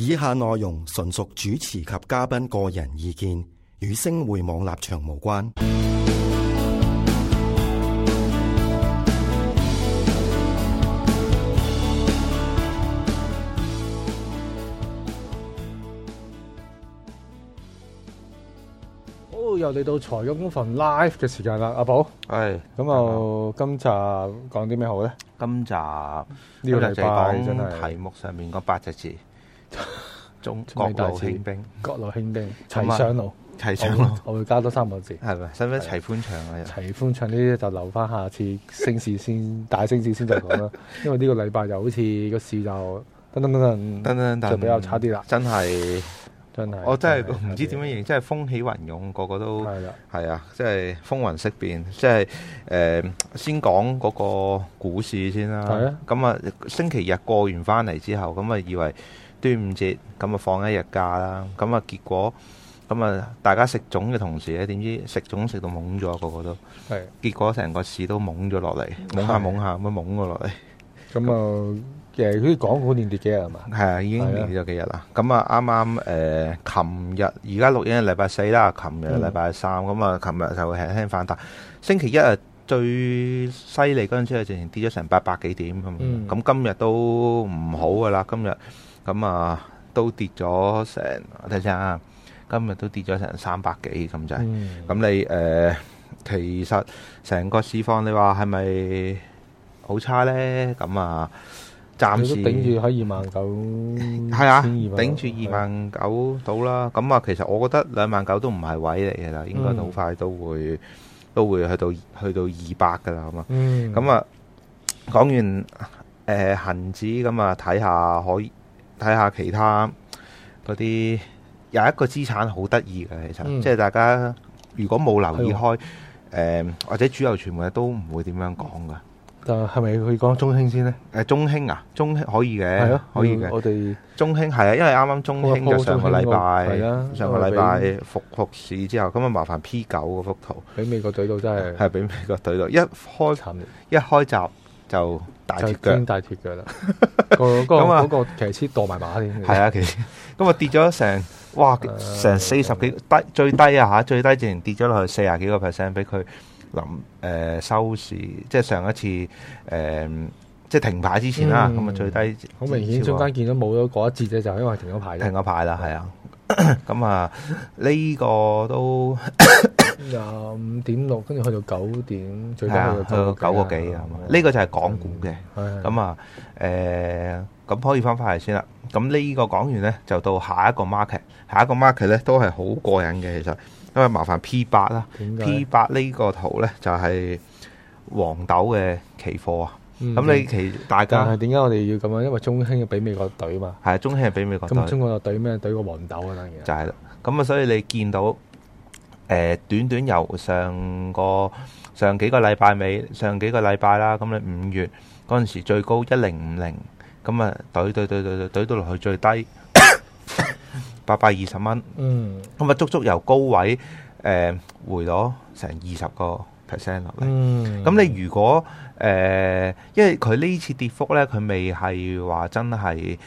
以下內容純屬主持及嘉賓個人意見，與星匯網立場無關。哦，又嚟到財金工房 live 嘅時間啦，阿寶，係咁啊，我今集講啲咩好咧？今集呢個就係講題目上面嗰八隻字。眾各路興兵，各路興兵齊上路，齊上路。我會加多三個字，係咪使唔使齊歡唱啊？齊歡唱呢啲就留翻下次升市先，大升市先再講啦。因為呢個禮拜就好似個市就等等等等等等就比較差啲啦。真係真係，我真係唔知點樣形容，真係風起雲湧，個個都係啦，係啊，即係風雲色變，即係誒，先講嗰個股市先啦。係啊，咁啊，星期日過完翻嚟之後，咁啊，以為。端午節咁啊，放一日假啦。咁啊，結果咁啊，大家食粽嘅同時咧，點知食粽食到懵咗，個個都係結果成個市都懵咗落嚟，懵下懵下咁樣懵咗落嚟。咁啊，誒，佢講好連跌幾日係嘛？係啊，已經連跌咗幾日啦。咁啊，啱啱誒，琴日而家錄影係禮拜四啦，琴日禮拜三咁啊，琴日就會輕輕反彈。星期一啊，最犀利嗰陣時啊，直情跌咗成八百幾點咁。咁今日都唔好噶啦，今日。咁啊，都跌咗成睇下，今日都跌咗成三百幾咁滯。咁你誒，其實成個市況，你話係咪好差咧？咁啊，暫時頂住喺二萬九，係啊，頂住二萬九到啦。咁啊，其實我覺得兩萬九都唔係位嚟嘅啦，應該好快都會都會去到去到二百噶啦。咁啊，講完誒恆指咁啊，睇下可以。睇下其他嗰啲，有一個資產好得意嘅，其實，即係大家如果冇留意開，誒或者主流傳媒都唔會點樣講噶。但係咪可以講中興先呢？誒中興啊，中興可以嘅，係咯可以嘅。我哋中興係啊，因為啱啱中興就上個禮拜，上個禮拜復復市之後，咁啊麻煩 P 九嗰幅圖，俾美國隊到，真係係俾美國隊到，一開一開閘就。大鐵腳，大鐵腳啦，咁啊，嗰個騎師墮埋馬添，係啊，其實咁啊跌咗成，哇，成四十幾低最低啊吓，最低竟然跌咗落去四廿幾個 percent，俾佢林誒收市，即係上一次誒，即係停牌之前啦，咁啊最低，好明顯中間見到冇咗嗰一節啫，就係因為停咗牌，停咗牌啦，係啊，咁啊呢個都。廿五點六，跟住去到九點，最高去到九個幾啊！呢個就係港股嘅，咁啊，誒，咁可以翻翻嚟先啦。咁呢個講完咧，就到下一個 market，下一個 market 咧都係好過癮嘅，其實。因為麻煩 P 八啦，P 八呢個圖咧就係黃豆嘅期貨啊。咁你其大家點解我哋要咁樣？因為中興要俾美國懟啊嘛。係啊，中興係俾美國懟，咁中國又懟咩？懟個黃豆啊，當然。就係啦，咁啊，所以你見到。誒，短短由上個上幾個禮拜尾，上幾個禮拜啦，咁你五月嗰陣時最高一零五零，咁啊，懟懟懟懟懟懟到落去最低八百二十蚊，嗯，咁啊，足足由高位誒回咗成二十個 percent 落嚟。咁你如果誒，因為佢呢次跌幅咧，佢未係話真係，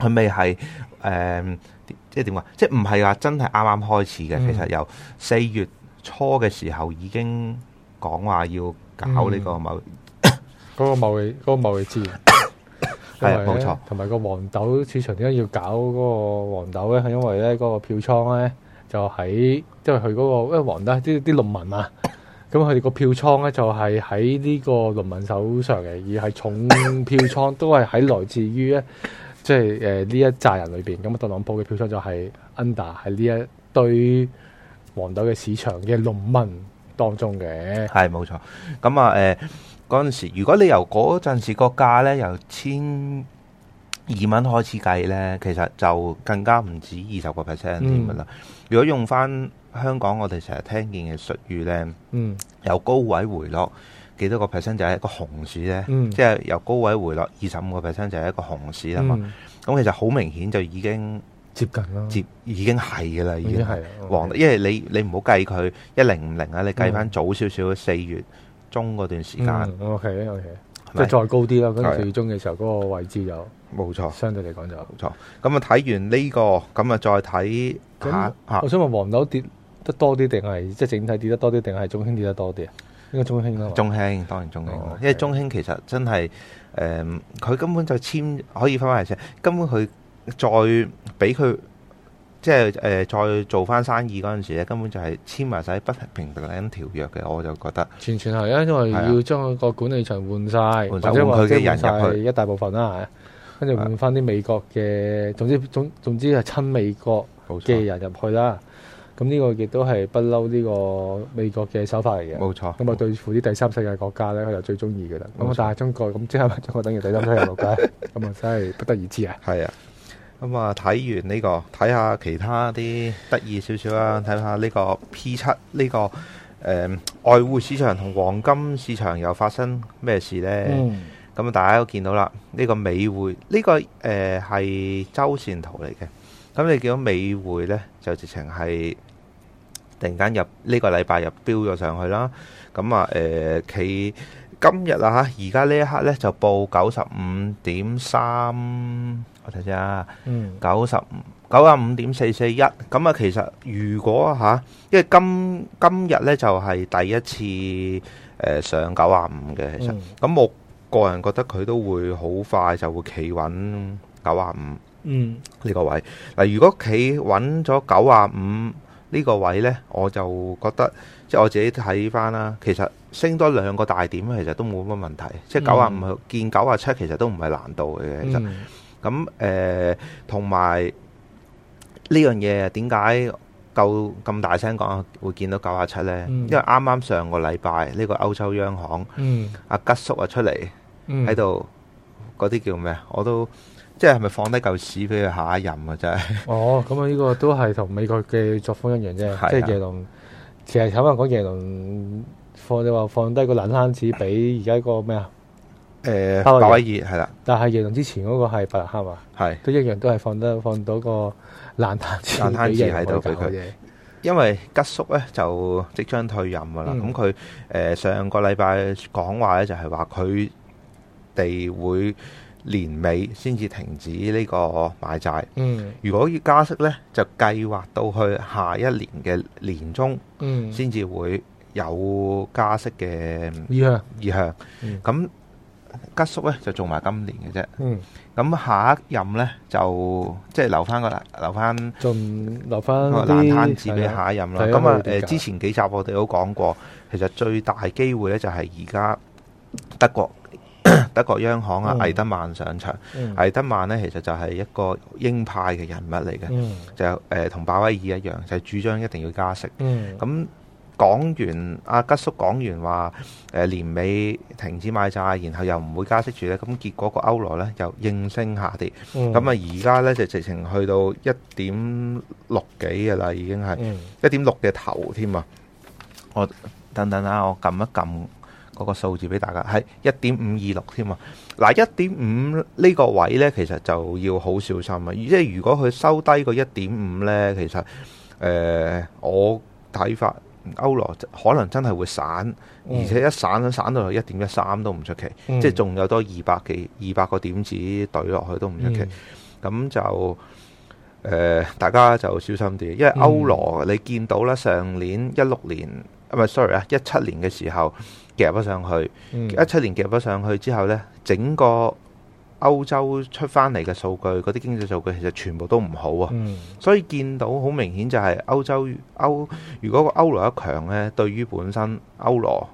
佢未係誒。即係點話？即係唔係話真係啱啱開始嘅？嗯、其實由四月初嘅時候已經講話要搞呢個貿嗰個貿易嗰、嗯、 個貿易戰，係、那、冇、個、 為錯。同埋個黃豆市場點解要搞嗰個黃豆咧？係因為咧嗰個票倉咧就喺即係佢嗰個，因為黃豆啲啲農民嘛、啊，咁佢哋個票倉咧就係喺呢個農民手上嘅，而係重票倉都係喺來自於咧。即係誒呢一紮人裏邊，咁啊特朗普嘅票數就係 under 喺呢一堆黃豆嘅市場嘅農民當中嘅。係冇錯。咁啊誒嗰陣時，如果你由嗰陣時個價咧由千二蚊開始計咧，其實就更加唔止二十個 percent 添㗎啦。嗯、如果用翻香港我哋成日聽見嘅術語咧，嗯，由高位回落。幾多個 percent 就係、是、一個熊市咧，嗯、即係由高位回落二十五個 percent 就係、是、一個熊市啦嘛。咁、嗯、其實好明顯就已經接近咯，接已經係噶啦，已經係黃，已經 okay. 因為你你唔好計佢一零唔零啊，你計翻早少少四月中嗰段時間。O K O K，即係再高啲啦，跟住四月中嘅時候嗰個位置就冇錯，相對嚟講就冇錯。咁啊的，睇錯完呢、這個，咁啊再睇下。我想問黃豆跌得多啲定係，即係整體跌得多啲定係中興跌得多啲啊？應該中興咯，中興當然中興。Oh, okay. 因為中興其實真係誒，佢、呃、根本就簽可以翻翻嚟簽，根本佢再俾佢即係誒、呃、再做翻生意嗰陣時咧，根本就係簽埋晒不平等條約嘅。我就覺得，全全係啊，因為要將嗰個管理層換晒，啊、換完或者換佢嘅人入去一大部分啦。跟住、啊、換翻啲美國嘅，總之總總之係親美國嘅人入去啦。咁呢個亦都係不嬲呢個美國嘅手法嚟嘅，冇錯。咁啊對付啲第三世界國家咧，佢錯就最中意嘅啦。咁啊錯，但係中國咁即係中國等於第三世界國家，咁啊 真係不得而知啊。係啊，咁啊睇完呢、這個，睇下其他啲得意少少啊，睇下呢個 P 七呢、這個誒、呃、外匯市場同黃金市場又發生咩事咧？咁啊、嗯，大家都見到啦，呢、這個美匯呢、這個誒係周線圖嚟嘅。咁你見到美匯呢，就直情係突然間入呢、這個禮拜入飆咗上去啦。咁、嗯、啊，誒企今日啊嚇，而家呢一刻呢，就報九十五點三，我睇下，九十五九啊五點四四一。咁、嗯、啊，其實如果嚇、啊，因為今今日呢，就係第一次誒、啊、上九啊五嘅，其實咁、嗯、我個人覺得佢都會好快就會企穩九啊五。嗯，呢個位嗱，如果企穩咗九啊五呢個位呢，我就覺得即係我自己睇返啦。其實升多兩個大點其、嗯 95, 其，其實都冇乜問題。即係九啊五去見九啊七，其實都唔係難度嘅。其實咁誒，同埋呢樣嘢點解夠咁大聲講會見到九啊七呢？嗯、因為啱啱上個禮拜呢個歐洲央行阿、嗯啊、吉叔啊出嚟喺度嗰啲叫咩？我都。即係係咪放低嚿屎俾佢下一任啊？真 係哦，咁啊，呢個都係同美國嘅作風一樣啫。的即係耶倫，其實龍、呃呃、可能講耶倫放你話放低個爛攤子俾而家個咩啊？誒，鮑威爾係啦。但係耶倫之前嗰個係白克嘛，係是都一樣都，都係放得放到個爛攤爛攤子喺度俾佢。因為吉叔咧就即將退任㗎啦，咁佢誒上個禮拜講話咧就係話佢哋會。年尾先至停止呢個買債。嗯，如果要加息呢，就計劃到去下一年嘅年中。嗯，先至會有加息嘅意向。意向。嗯。咁，縮呢就做埋今年嘅啫。嗯。咁下一任呢，就即係留翻個留翻。仲留翻啲。爛攤子俾下一任啦。咁啊誒，之前幾集我哋都講過，其實最大機會呢就係而家德國。 德國央行啊，魏德曼上場，魏、嗯、德曼呢，其實就係一個鷹派嘅人物嚟嘅，嗯、就誒同鮑威爾一樣，就係、是、主張一定要加息。咁、嗯、講完，阿、啊、吉叔講完話，誒、呃、年尾停止買債，然後又唔會加息住咧，咁結果個歐羅呢，又應聲下跌。咁啊而家呢，就直情去到一點六幾嘅啦，已經係一點六嘅頭添啊！我等等啊，我撳一撳。嗰個數字俾大家係一點五二六添啊！嗱，一點五呢個位呢，其實就要好小心啊。即係如果佢收低個一點五呢，其實誒、呃、我睇法歐羅可能真係會散，而且一散都散到去，一點一三都唔出奇，即係仲有多二百幾二百個點子堆落去都唔出奇。咁、嗯、就誒、呃、大家就小心啲，因為歐羅你見到啦，上年一六年啊、嗯、唔係 sorry 啊，一七年嘅時候。夾唔上去，一七年夾唔上去之後呢，整個歐洲出翻嚟嘅數據，嗰啲經濟數據其實全部都唔好啊！嗯、所以見到好明顯就係歐洲歐，如果個歐羅一強呢，對於本身歐羅，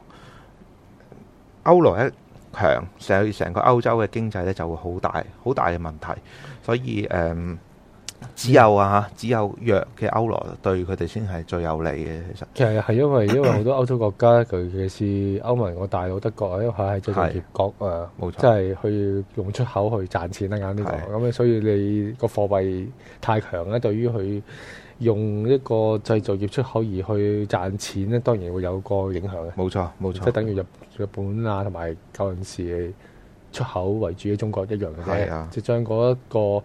歐羅一強，成成個歐洲嘅經濟呢就會好大好大嘅問題，所以誒。Um, 只有啊，只有弱嘅歐羅對佢哋先係最有利嘅。其實其實係因為因為好多歐洲國家，尤其是歐盟個大佬德國，因為係製造業國啊，冇錯是，即係去用出口去賺錢啦。啱啱呢是、呢個咁所以你個貨幣太強咧，對於佢用一個製造業出口而去賺錢咧，當然會有個影響嘅。冇錯冇錯，即係等於日日本啊，同埋舊陣時出口為主嘅中國一樣嘅啫，的的就將嗰一個。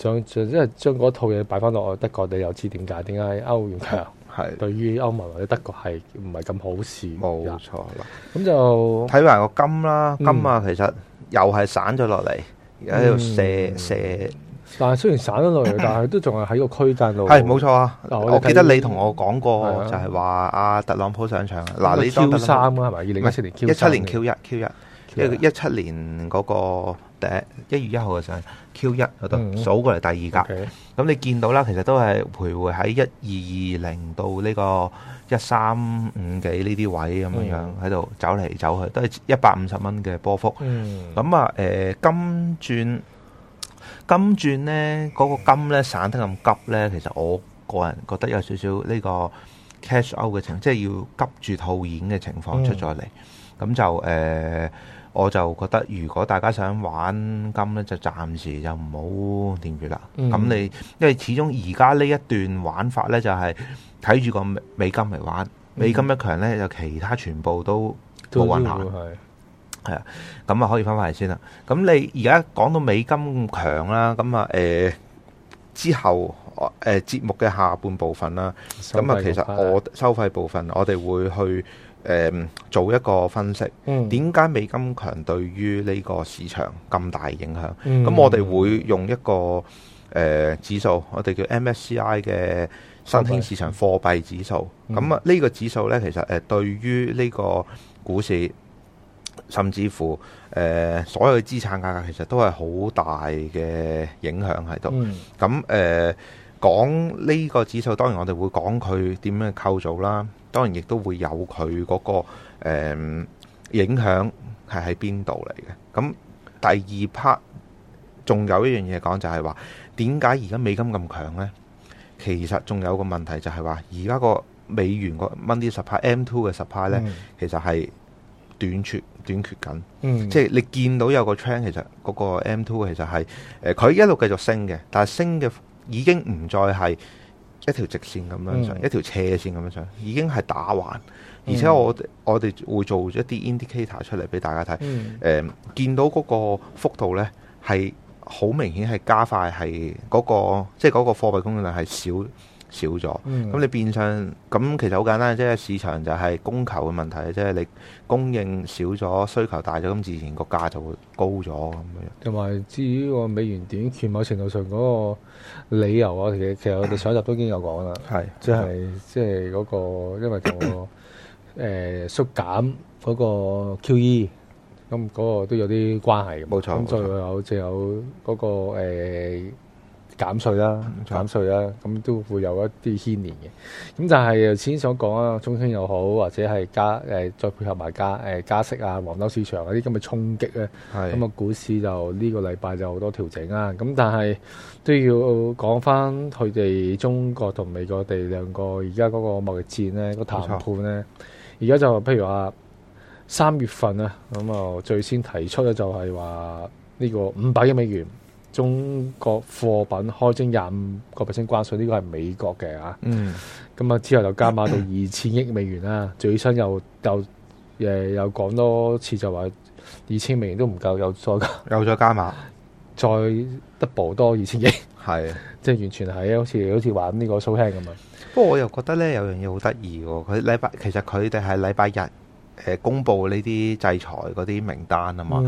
就即係將嗰套嘢擺翻落去。德國，你又知點解？點解歐元強係對於歐盟或者德國係唔係咁好事？冇錯啦。咁就睇埋個金啦，金啊，其實又係散咗落嚟，而家喺度射射。但係雖然散咗落嚟，但係都仲係喺個區間度。係冇錯啊！我記得你同我講過，就係話阿特朗普上場嗱，你 Q 三啊，係咪二零一七年 Q 一？一七年 Q 一，Q 一，一七年嗰個第一月一號嘅上。1 Q 一嗰度數過嚟第二格，咁 Okay.、嗯、你見到啦，其實都係徘徊喺一二二零到呢個一三五幾呢啲位咁樣樣喺度走嚟走去，都係一百五十蚊嘅波幅。咁啊、嗯，誒、嗯嗯、金轉金轉呢嗰、嗰個金呢散得咁急呢。其實我個人覺得有少少呢個 cash out 嘅情，即係要急住套現嘅情況出咗嚟，咁就誒。嗯嗯嗯嗯嗯我就覺得，如果大家想玩金咧，就暫時就唔好掂住啦。咁、嗯、你，因為始終而家呢一段玩法呢，就係睇住個美金嚟玩，嗯、美金一強呢，就其他全部都冇運行。係啊、嗯，咁啊，可以翻返嚟先啦。咁你而家講到美金強啦，咁啊，誒、呃、之後誒、呃、節目嘅下半部分啦，咁啊，其實我收費部分，我哋會去。誒，做一個分析，點解、嗯、美金強對於呢個市場咁大影響？咁、嗯、我哋會用一個誒、呃、指數，我哋叫 MSCI 嘅新興市場貨幣指數。咁啊、嗯，呢個指數呢，其實誒對於呢個股市，甚至乎誒、呃、所有資產價格，其實都係好大嘅影響喺度。咁誒講呢個指數，當然我哋會講佢點樣構造啦。當然亦都會有佢嗰、那個、嗯、影響係喺邊度嚟嘅？咁第二 part 仲有一樣嘢講，就係話點解而家美金咁強呢？其實仲有個問題就係話，而家個美元個 money supply M two 嘅 supply 咧，嗯、其實係短缺短缺緊。即係、嗯、你見到有個 trend，其實嗰個 M two 其實係誒，佢、呃、一路繼續升嘅，但係升嘅已經唔再係。一條直線咁樣上，一條斜線咁樣上，已經係打橫。而且我我哋會做一啲 indicator 出嚟俾大家睇。誒、嗯呃，見到嗰個幅度呢係好明顯係加快、嗰個，係嗰個即係嗰個貨幣供應量係少。少咗，咁你變相咁其實好簡單嘅，即係市場就係供求嘅問題，即係你供應少咗，需求大咗，咁自然個價就會高咗咁樣。同埋至於個美元短缺，某程度上嗰個理由啊，其實其實我哋上集都已經有講啦，係即係即係嗰個因為個誒縮減嗰個 QE，咁嗰個都有啲關係嘅。冇錯冇錯，仲有仲有嗰個誒。減稅啦，減稅啦，咁、啊、都會有一啲牽連嘅。咁但係頭先所講啊，中興又好，或者係加誒、呃、再配合埋加誒、呃、加息啊，黃豆市場啊啲咁嘅衝擊咧，咁啊的、嗯、股市就呢、呢個禮拜就好多調整啦、啊。咁但係都要講翻佢哋中國同美國哋兩個而家嗰個貿易戰咧，個談判咧，而家的就譬如話三月份啊，咁啊最先提出咧就係話呢個五百億美元。中國貨品開徵廿五個 percent 關稅，呢個係美國嘅啊。咁啊、嗯、之後就加碼到二千億美元啦。 最新又又誒又講多次就話二千美元都唔夠，又再加，又再加碼，再 double 多二千億。係 是即係完全係好似好似玩呢個 show hand 咁樣。不過我又覺得咧有樣嘢好得意喎，佢禮拜其實佢哋係禮拜日。誒公布呢啲制裁嗰啲名單啊嘛，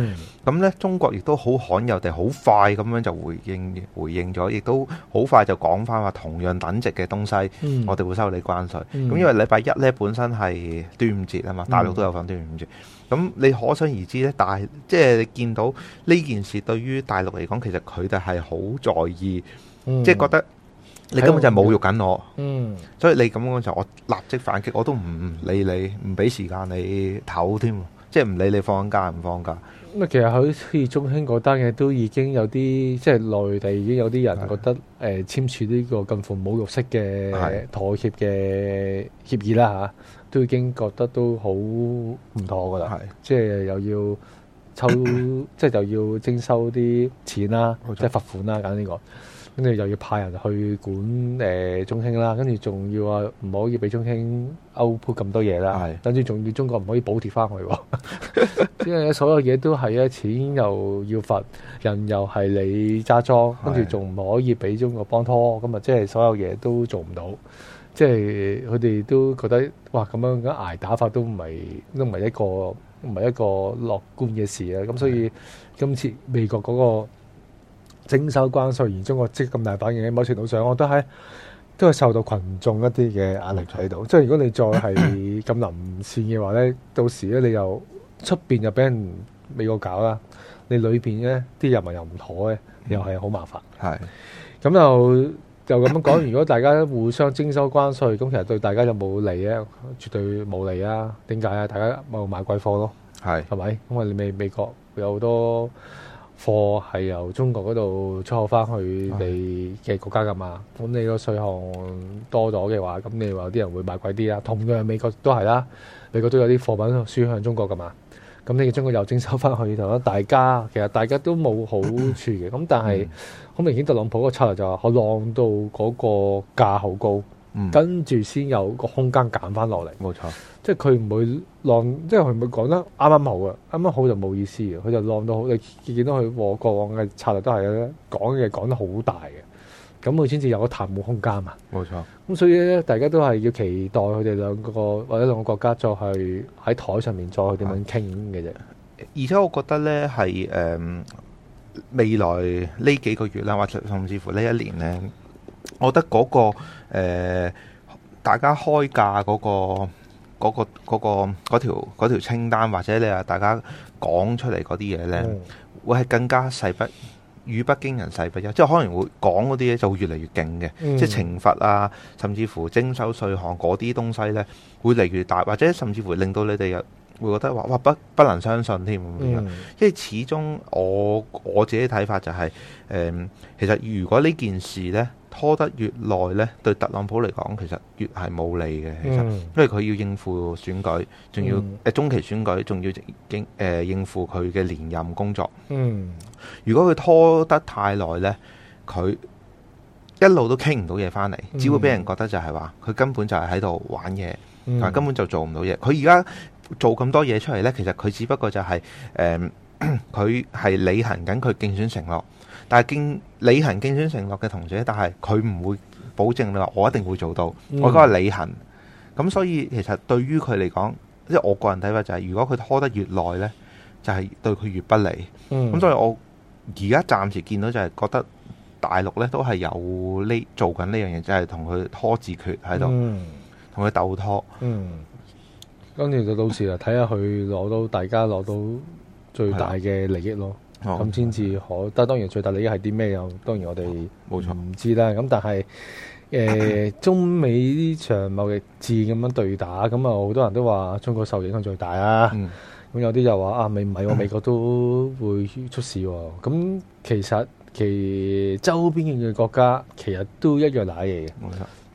咁咧、嗯、中國亦都好罕有地好快咁樣就回應回應咗，亦都好快就講翻話同樣等值嘅東西，嗯、我哋會收你關稅。咁、嗯、因為禮拜一咧本身係端午節啊嘛，大陸都有份端午節，咁、嗯、你可想而知咧，大即係、就是、你見到呢件事對於大陸嚟講其實佢哋係好在意，即係、嗯、覺得。你根本就係侮辱緊我，嗯、所以你咁講嘅時候我立即反擊，我都唔理你，唔俾時間你唞添，即係唔理你放緊假唔放假。咁啊，其實好似中興嗰單嘢都已經有啲，即係內地已經有啲人覺得誒的、呃、簽署呢個近乎侮辱式嘅妥協嘅協議啦嚇，的都已經覺得都好唔妥噶啦，的即係又要抽，咳咳即係又要徵收啲錢啦，即係咳咳罰款啦，咁呢個。跟住又要派人去管誒中興啦，跟住仲要啊，唔可以俾中興 output 咁多嘢啦。係，跟住仲要中國唔可以補貼翻去喎，因為所有嘢都係啊，錢又要罰，人又係你揸莊，跟住仲唔可以俾中國幫拖，咁啊，即係所有嘢都做唔到，即係佢哋都覺得哇，咁樣咁挨打法都唔係都唔係一個唔係一個樂觀嘅事啊，咁所以今次美國嗰個。徵收關稅，而中國即咁大反應，喺某程度上，我都係都係受到群眾一啲嘅壓力喺度。的即係如果你再係咁臨線嘅話咧， 到時咧你又出邊又俾人美國搞啦，你裏邊咧啲人民又唔妥嘅，又係好麻煩。係咁又又咁樣講，如果大家互相徵收關稅，咁其實對大家就有冇利咧？絕對冇利啊！點解啊？大家咪買貴貨咯，係係咪？因為你美美國有好多。貨係由中國嗰度出口翻去你嘅國家㗎嘛，咁你個稅項多咗嘅話，咁你話有啲人會買貴啲啦。同樣美國都係啦，美國都有啲貨品輸向中國㗎嘛，咁你要將佢又徵收翻去頭啦。大家其實大家都冇好處嘅，咁但係好明顯特朗普個策略就話，我浪到嗰個價好高。嗯、跟住先有個空間減翻落嚟，冇錯。即係佢唔會浪，即係佢唔會講得啱啱好嘅，啱啱好就冇意思，佢就浪到好，你見到佢和過往嘅策略都係咧講嘢講得好大嘅，咁佢先至有個談判空間啊。冇錯沒錯、嗯。咁所以咧，大家都係要期待佢哋兩個或者兩個國家再去喺台上面再去點樣傾嘅啫。而且我覺得咧，係誒、呃、未來呢幾個月啦，或者甚至乎呢一年咧。嗯我覺得嗰個、呃、大家開價嗰個、嗰個、嗰個、嗰條、嗰條清單，或者你話大家講出嚟嗰啲嘢咧，嗯、會係更加細不語不驚人，死不休，即係可能會講嗰啲嘢就會越嚟越勁嘅，嗯、即係懲罰啊，甚至乎徵收稅項嗰啲東西咧，會嚟越大，或者甚至乎令到你哋有。會覺得話哇不不，不能相信添，嗯、因為始終我我自己睇法就係、是、誒、嗯，其實如果呢件事咧拖得越耐呢，對特朗普嚟講其實越係冇利嘅，其實、嗯、因為佢要應付選舉，仲要誒、嗯呃、中期選舉，仲要應誒應付佢嘅連任工作。嗯，如果佢拖得太耐呢，佢一路都傾唔到嘢翻嚟，只會俾人覺得就係話佢根本就係喺度玩嘢，嗱、嗯、根本就做唔到嘢。佢而家。做咁多嘢出嚟呢，其實佢只不過就係、是、誒，佢、呃、係履行緊佢競選承諾，但係競履行競選承諾嘅同時，但係佢唔會保證你話我一定會做到，我嗰個履行。咁、嗯、所以其實對於佢嚟講，即係我個人睇法就係，如果佢拖得越耐呢，就係、是、對佢越不利。咁、嗯、所以我而家暫時見到就係覺得大陸呢都係有呢做緊呢樣嘢，就係同佢拖字訣喺度，同佢鬥拖。嗯跟住就到時啊，睇下佢攞到大家攞到最大嘅利益咯，咁先至可。但當然最大利益係啲咩又？當然我哋冇錯唔知啦。咁但係誒，呃嗯、中美呢場貿易戰咁樣對打，咁啊好多人都話中國受影響最大啊。咁、嗯、有啲又話啊，未唔係喎，美國都會出事喎、啊。咁、嗯嗯、其實其周邊嘅國家其實都一樣賴嘢嘅。嗯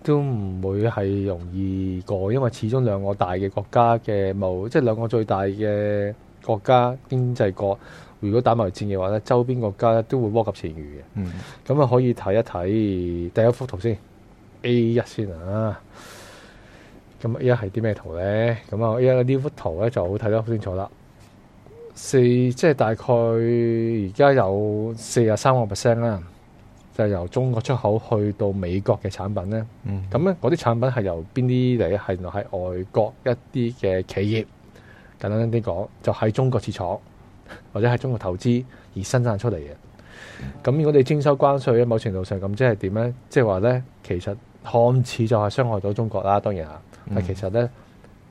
都唔會係容易過，因為始終兩個大嘅國家嘅冇，即係兩個最大嘅國家經濟國，如果打埋戰嘅話咧，周邊國家咧都會禍及前魚嘅。咁啊、嗯，可以睇一睇第一幅圖先 A 一先啊。咁 A 一係啲咩圖咧？咁啊 A 一呢幅圖咧就好睇得好清楚啦。四即係大概而家有四十三個 percent 啦。就由中國出口去到美國嘅產品咧，咁咧嗰啲產品係由邊啲嚟？係喺外國一啲嘅企業，簡單啲講，就喺中國設廠或者喺中國投資而生產出嚟嘅。咁、嗯、如果你徵收關稅，某程度上咁即係點咧？即係話咧，其實看似就係傷害到中國啦，當然啊，嗯、但其實咧，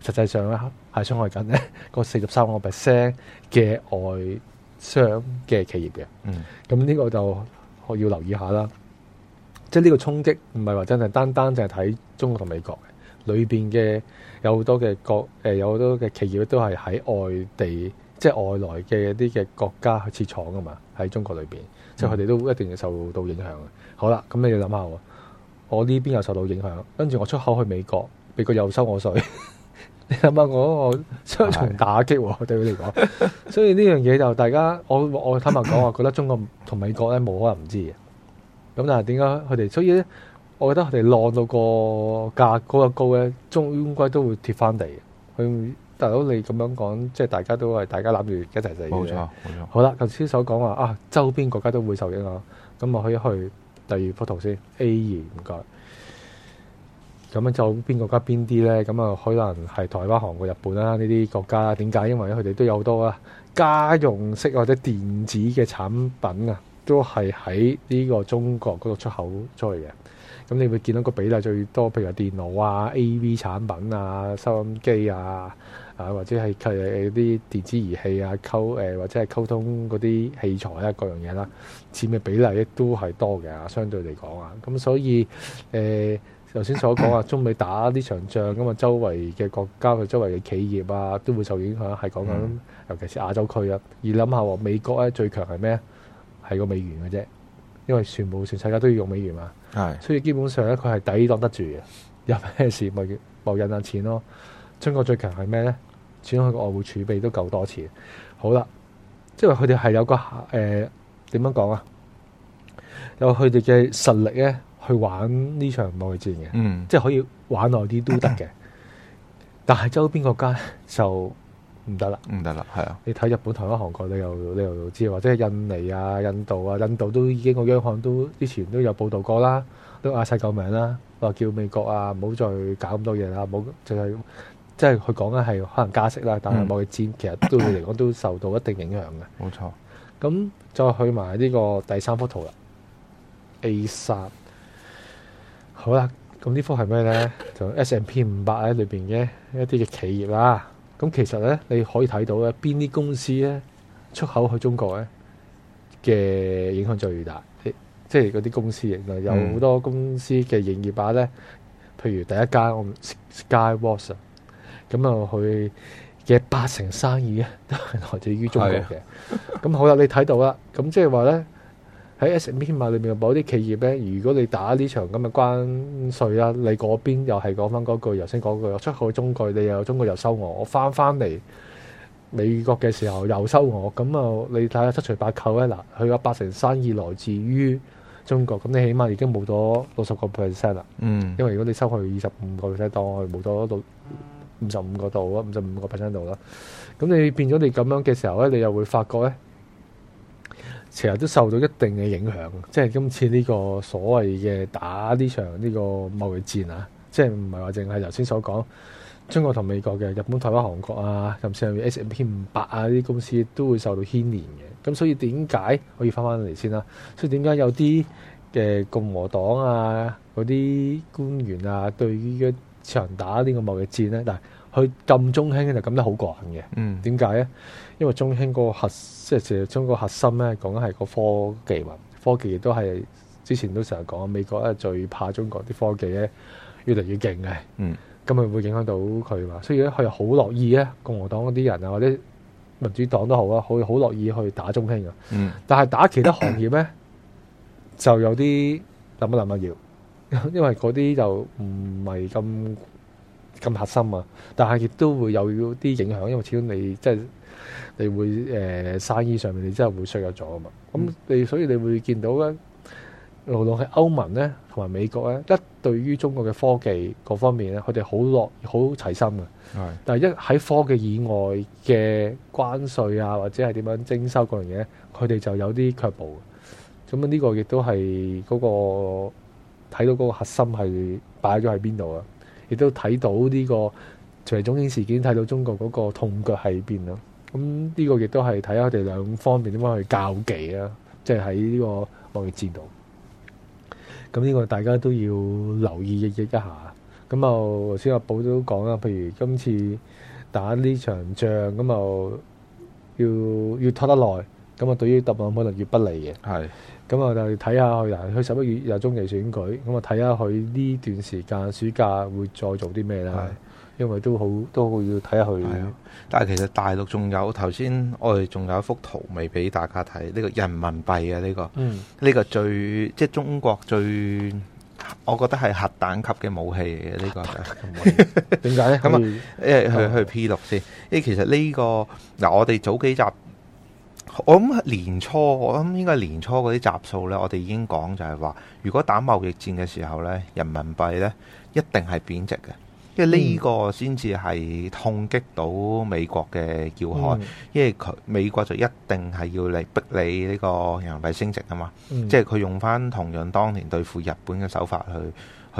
實際上咧係傷害緊咧個四十三個 percent 嘅外商嘅企業嘅。嗯，咁呢個就。我要留意下啦，即係呢個衝擊唔係話真係單單淨係睇中國同美國嘅，裏邊嘅有好多嘅國，誒、呃、有好多嘅企業都係喺外地，即係外來嘅一啲嘅國家去設廠㗎嘛，喺中國裏邊，即係佢哋都一定要受到影響嘅。嗯、好啦，咁你哋諗下喎，我呢邊又受到影響，跟住我出口去美國，美國又收我稅。 你諗下，我我雙重打擊對佢嚟講， 所以呢樣嘢就大家我我坦白講，我覺得中國同美國咧冇可能唔知嘅。咁但係點解佢哋所以咧？我覺得佢哋浪到個價高一高咧，終歸都會跌翻嚟。佢，大佬你咁樣講，即係大家都係大家攬住一齊死。冇錯冇錯。好啦，頭先所講話啊，周邊國家都會受影響。咁我可以去第二幅圖先 A 二唔該。咁樣就邊個國家邊啲咧？咁啊，可能係台灣、韓國、日本啦，呢啲國家。點解？因為佢哋都有好多啊家用式或者電子嘅產品啊，都係喺呢個中國嗰度出口出去嘅。咁你會見到個比例最多，譬如話電腦啊、AV 產品啊、收音機啊，啊或者係啲電子儀器啊、溝誒、呃、或者係溝通嗰啲器材啊，各樣嘢啦、啊，佔嘅比例都係多嘅。相對嚟講啊，咁所以誒。呃頭先所講啊，中美打呢場仗咁啊，周圍嘅國家、嘅周圍嘅企業啊，都會受影響，係講緊，尤其是亞洲區啊。而諗下喎，美國咧最強係咩？係個美元嘅啫，因為全部全世界都要用美元嘛。係是，所以基本上咧，佢係抵擋得住嘅。有咩事咪冇印下錢咯。中國最強係咩咧？始終佢個外匯儲備都夠多錢。好啦，即係話佢哋係有個誒點樣講啊？有佢哋嘅實力咧，去玩呢場貿易戰嘅，嗯、即係可以玩耐啲都得嘅。嗯、但係周邊國家就唔得啦，唔得啦，係啊！你睇日本、台灣、韓國，你又你又，又知，或者係印尼啊、印度啊、印度都已經個央行都之前都有報導過啦，都嗌晒救命啦，話叫美國啊唔好再搞咁多嘢啦，好就係即係佢講緊係可能加息啦，但係貿易戰、嗯、其實對你嚟講都受到一定影響嘅。冇、嗯、錯，咁再去埋呢個第三幅圖啦，A 三。好啦，咁呢科係咩咧？就 S and P 五百喺裏邊嘅一啲嘅企業啦。咁其實咧，你可以睇到咧，邊啲公司咧出口去中國咧嘅影響最大。即係嗰啲公司嚟㗎，有好多公司嘅營業額咧，譬如第一間我 Sky Water 咁啊，佢嘅八成生意咧都係來自於中國嘅。咁好啦，你睇到啦，咁即係話咧。喺 SMB 裏面有某啲企業咧？如果你打呢場咁嘅關稅啊，你嗰邊又係講翻嗰句，又先講句，出口中國，你又中國又收我，我翻翻嚟美國嘅時候又收我，咁啊，你睇下七除八扣咧嗱，佢有八成生意來自於中國，咁你起碼已經冇咗六十個 percent 啦。嗯，因為如果你收佢二十五個 percent，當我冇咗六五十五個度啊，五十五個 percent 度啦，咁你變咗你咁樣嘅時候咧，你又會發覺咧。其實都受到一定嘅影響，即係今次呢個所謂嘅打呢場呢個貿易戰啊，即係唔係話淨係頭先所講中國同美國嘅日本、台灣、韓國啊，甚至係 S&P 500啊啲公司都會受到牽連嘅。咁所以點解可以翻翻嚟先啦？所以點解有啲嘅共和黨啊嗰啲官員啊對於呢場打呢個貿易戰呢？但佢咁中興咧就咁得好過癮嘅，點解咧？因為中興嗰個核，即係其實中國核心咧，講緊係個科技嘛。科技亦都係之前都成日講，美國咧最怕中國啲科技咧越嚟越勁嘅。嗯，咁咪會影響到佢嘛？所以咧，佢好樂意啊！共和黨嗰啲人啊，或者民主黨都好啊，佢好樂意去打中興啊。嗯，但係打其他行業咧，咳咳就有啲諗一諗啊要，因為嗰啲就唔係咁。咁核心啊！但係亦都會有啲影響，因為始終你即係你會誒、呃、生意上面，你真係會削弱咗啊嘛。咁你所以你會見到咧，無論係歐盟咧，同埋美國咧，一對於中國嘅科技各方面咧，佢哋好落好齊心啊。係的。但係一喺科技以外嘅關稅啊，或者係點樣徵收嗰樣嘢，佢哋就有啲卻步。咁啊、那個，呢個亦都係嗰個睇到嗰個核心係擺咗喺邊度啊！亦都睇到呢、這個，除咗中興事件，睇到中國嗰個痛腳喺邊啦。咁呢個亦都係睇下我哋兩方面點樣去較技啊，即係喺呢個貿易戰度。咁呢個大家都要留意一一下。咁啊，頭先阿寶都講啦，譬如今次打呢場仗，咁啊要要拖得耐，咁啊對於答案可能越不利嘅。係。咁我，就睇下佢啦。佢十一月又中期選舉，咁啊睇下佢呢段時間暑假會再做啲咩啦。因為都好都好要睇下佢。但係其實大陸仲有頭先我哋仲有一幅圖未俾大家睇，呢個人民幣啊，呢個呢個最即係中國最我覺得係核彈級嘅武器嘅呢個。點解咧？咁啊，誒去去 P 六先。誒其實呢個嗱，我哋早幾集。我諗年初，我諗應該年初嗰啲集數呢，我哋已經講就係話，如果打貿易戰嘅時候呢，人民幣呢一定係貶值嘅，因為呢個先至係痛擊到美國嘅要害，嗯、因為佢美國就一定係要嚟逼你呢個人民幣升值啊嘛，嗯、即係佢用翻同樣當年對付日本嘅手法去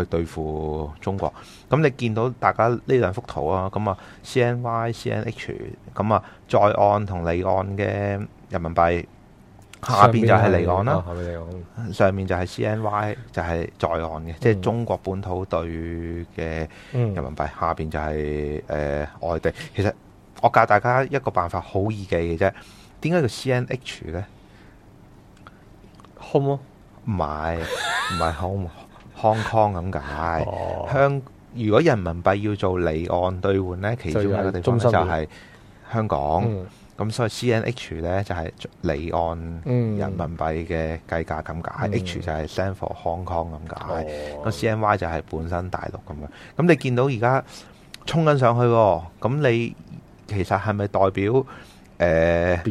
去對付中國。咁你見到大家呢兩幅圖啊，咁啊 CNY、CNH，咁啊在岸同離岸嘅。人民幣，下邊就係離岸啦，上面，上面就係 CNY 就係在岸嘅，即係、嗯、中國本土兌嘅人民幣。嗯、下邊就係、是、誒、呃、外地。其實我教大家一個辦法，好易記嘅啫。點解叫 CNH 呢？Hong 唔係唔係 Hong？Hong Kong 咁解？香、哦、如果人民幣要做離岸兌換呢，其中一個地方就係香港。咁所以 C N H 咧就係、是、離岸人民幣嘅計價咁解、嗯、，H 就係 Stand for Hong Kong 咁解，個、哦、C N Y 就係本身大陸咁樣。咁你見到而家衝緊上去，咁你其實係咪代表？誒，貶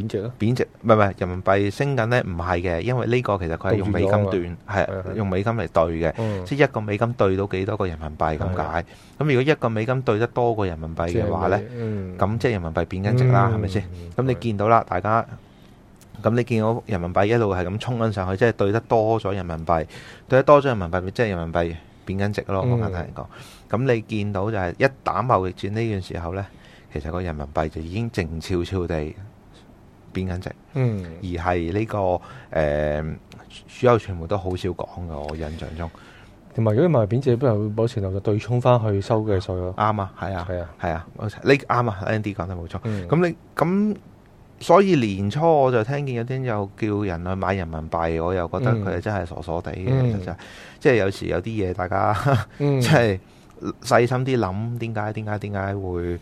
值咯，貶值，唔係唔係，人民幣升緊咧，唔係嘅，因為呢個其實佢係用美金兌，係用美金嚟兌嘅，即係一個美金兌到幾多個人民幣咁解。咁如果一個美金兌得多過人民幣嘅話咧，咁即係人民幣貶緊值啦，係咪先？咁你見到啦，大家，咁你見到人民幣一路係咁衝緊上去，即係兌得多咗人民幣，兌得多咗人民幣，即係人民幣貶緊值咯。講簡單嚟講，咁你見到就係一打貿易戰呢段時候咧。其實個人民幣就已經靜悄悄地貶緊值，嗯，而係呢、這個誒，主、呃、要傳媒都好少講嘅，我印象中。同埋如果人民幣貶值，不如保持留個對沖翻去收嘅稅咯。啱啊，係啊，係啊，係啊，啊，啊，你啱啊，你啊，Andy 講得冇錯。咁、嗯、你咁，所以年初我就聽見有啲又叫人去買人民幣，我又覺得佢哋真係傻傻地嘅，其、嗯嗯、實即係有時有啲嘢，大家即係細心啲諗，點解點解點解會？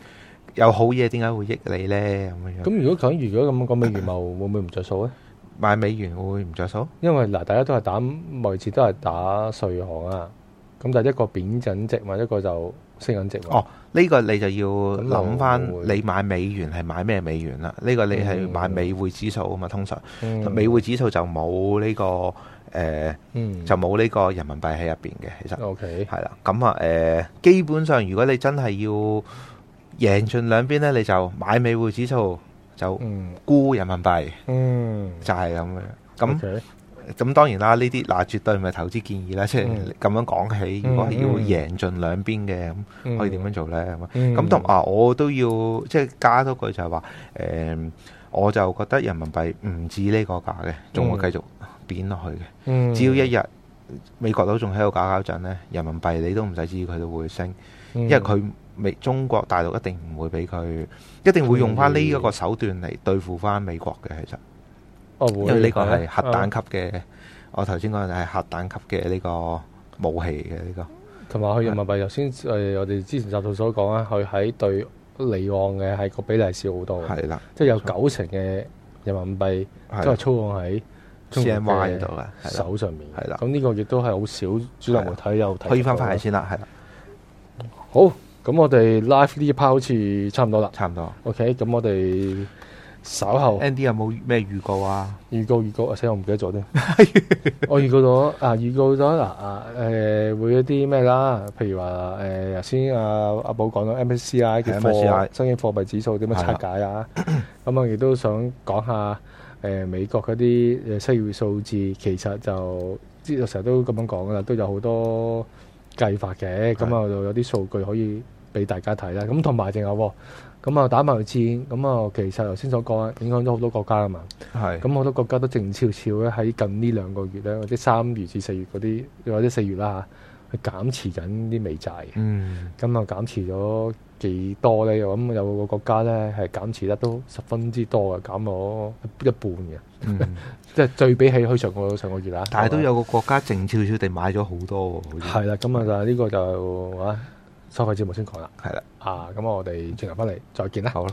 有好嘢，點解會益你咧？咁樣咁如果講如果咁講，咪預謀會唔會唔著數咧？買美元會唔著數？因為嗱，大家都係打，每次都係打稅項啊。咁就一個貶緊值嘛，一個就升緊值。哦，呢個你就要諗翻，你買美元係買咩美元啦？呢個你係買美匯指數啊嘛，通常美匯指數就冇呢個誒，就冇呢個人民幣喺入邊嘅。其實 OK 係啦。咁啊誒，基本上如果你真係要，贏盡兩邊咧，你就買美匯指數，就沽人民幣，嗯、就係咁嘅。咁、嗯、咁 Okay. 當然啦，呢啲嗱絕對唔係投資建議啦。即係咁樣講起，如果係要贏盡兩邊嘅，咁可以點樣做呢？咁同啊，我都要即係、就是、加多句就係話，誒、呃，我就覺得人民幣唔止呢個價嘅，仲會繼續貶落去嘅。嗯、只要一日美國都仲喺度搞搞震呢，人民幣你都唔使知佢都會升，因為佢。中國大陸一定唔會俾佢，一定會用翻呢一個手段嚟對付翻美國嘅。其實，哦會，因為呢個係核彈級嘅。我頭先講就係核彈級嘅呢個武器嘅呢個。同埋佢人民幣，頭先誒我哋之前集數所講啊，佢喺對離岸嘅係個比例少好多，係啦，即係有九成嘅人民幣都係操控喺 CNY 度嘅手上面，係啦。咁呢個亦都係好少主流媒體有。可以翻翻嚟先啦，係啦，好。咁我哋 live 呢一 part 好似差唔多啦，差唔多。OK，咁我哋稍後 Andy 有冇咩預告啊？預告預告，啊！死我唔記得咗添。我預告咗啊，預告咗嗱啊，誒，會有啲咩啦？譬如話誒，頭先阿阿寶講到 MSCI 嘅貨，新興貨幣指數點樣拆解啊？咁啊，亦都想講下誒，美國嗰啲誒七月數字，其實就即係成日都咁樣講啦，都有好多計法嘅。咁啊，就有啲數據可以。俾大家睇啦，咁同埋仲有喎，咁啊打貿戰，咁啊其實頭先所講影響咗好多國家是啊嘛，係，咁好多國家都靜悄悄咧喺近呢兩個月咧，或者三月至四月嗰啲，或者四月啦嚇，去、啊、減持緊啲美債，嗯，咁啊減持咗幾多咧？咁有個國家咧係減持得都十分之多嘅，減咗一半嘅，即係、嗯、 對比起去上個上個月啊，但係都有個國家靜悄悄地買咗好多喎，係啦，咁啊就係呢個就啊。啊收費節目先講啦，係啦的，啊，咁我哋轉頭翻嚟再見啦，好。